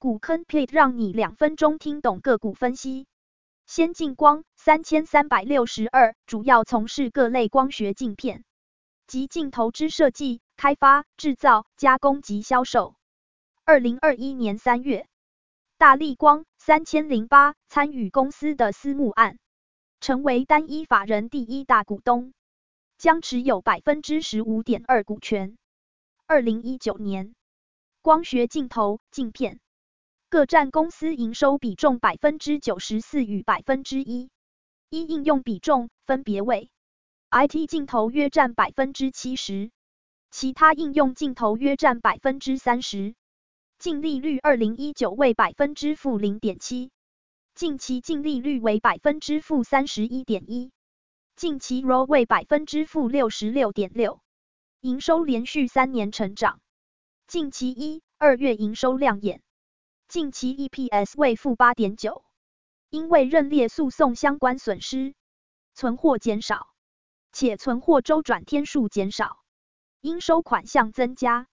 股坑 pit 讓你兩分鐘聽懂個股分析。先進光三千三百六十二主要從事各類光學鏡片及鏡頭之設計、開發、製造、加工及銷售。二零二一年三月，大立光三千零八參與公司的私募案，成為單一法人第一大股東，將持有百分之十五點二股權。二零一九年，光學鏡頭、鏡片。各占公司營收比重百分之九十四與百分之一。一應用比重分別為，IT 鏡頭約占百分之七十，其他應用鏡頭約占百分之三十。淨利率二零一九為百分之負零點七，近期淨利率為百分之負三十一點一，近期 ROE 為百分之負六十六點六。營收連續三年成長，近期一二月營收亮眼。近期 EPS 為負八點九，因為認列訴訟相關損失、存貨減少，且存貨周轉天數減少，應收款項增加，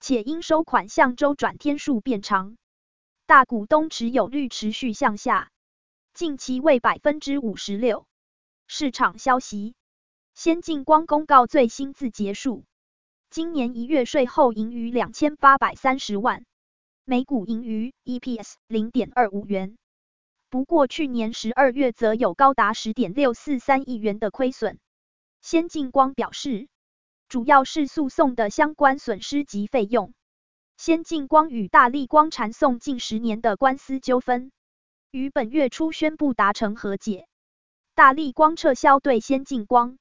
且應收款項周轉天數變長。大股東持有率持續向下，近期為百分之五十六。市場消息：先進光公告最新自結數，今年一月稅後盈餘兩千八百三十萬。每股盈餘 EPS 零點二五元，不過去年十二月則有高達十點六四三億元的虧損。先進光表示，主要是訴訟的相關損失及費用。先進光與大立光纏訟近十年的官司糾紛，於本月初宣布達成和解，大立光撤銷對先進光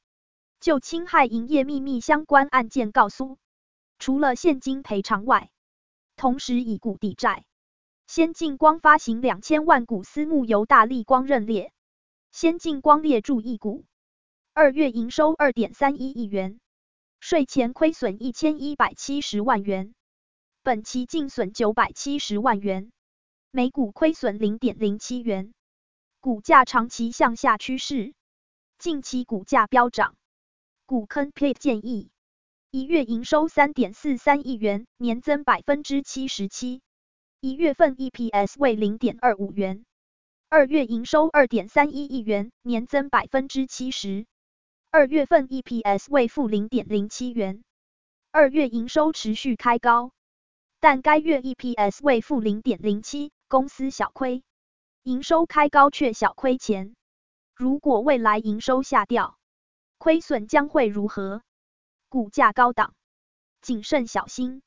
就侵害營業秘密相關案件告訴，除了現金賠償外。同時以股抵債，先進光發行兩千萬股私募，由大立光認列。先進光列注一股。二月營收二點三一億元，稅前虧損一千一百七十萬元，本期淨損九百七十萬元，每股虧損零點零七元。股價長期向下趨勢，近期股價飆漲。股坑派建議。一月營收三點四三億元，年增百分之七十七。一月份 EPS 為零點二五元。二月營收二點三一億元，年增百分之七十。二月份 EPS 為負零點零七元。二月營收持續開高，但該月 EPS 為負零點零七，公司小虧。營收開高卻小虧錢。如果未來營收下調，虧損將會如何？股價高檔，謹慎小心。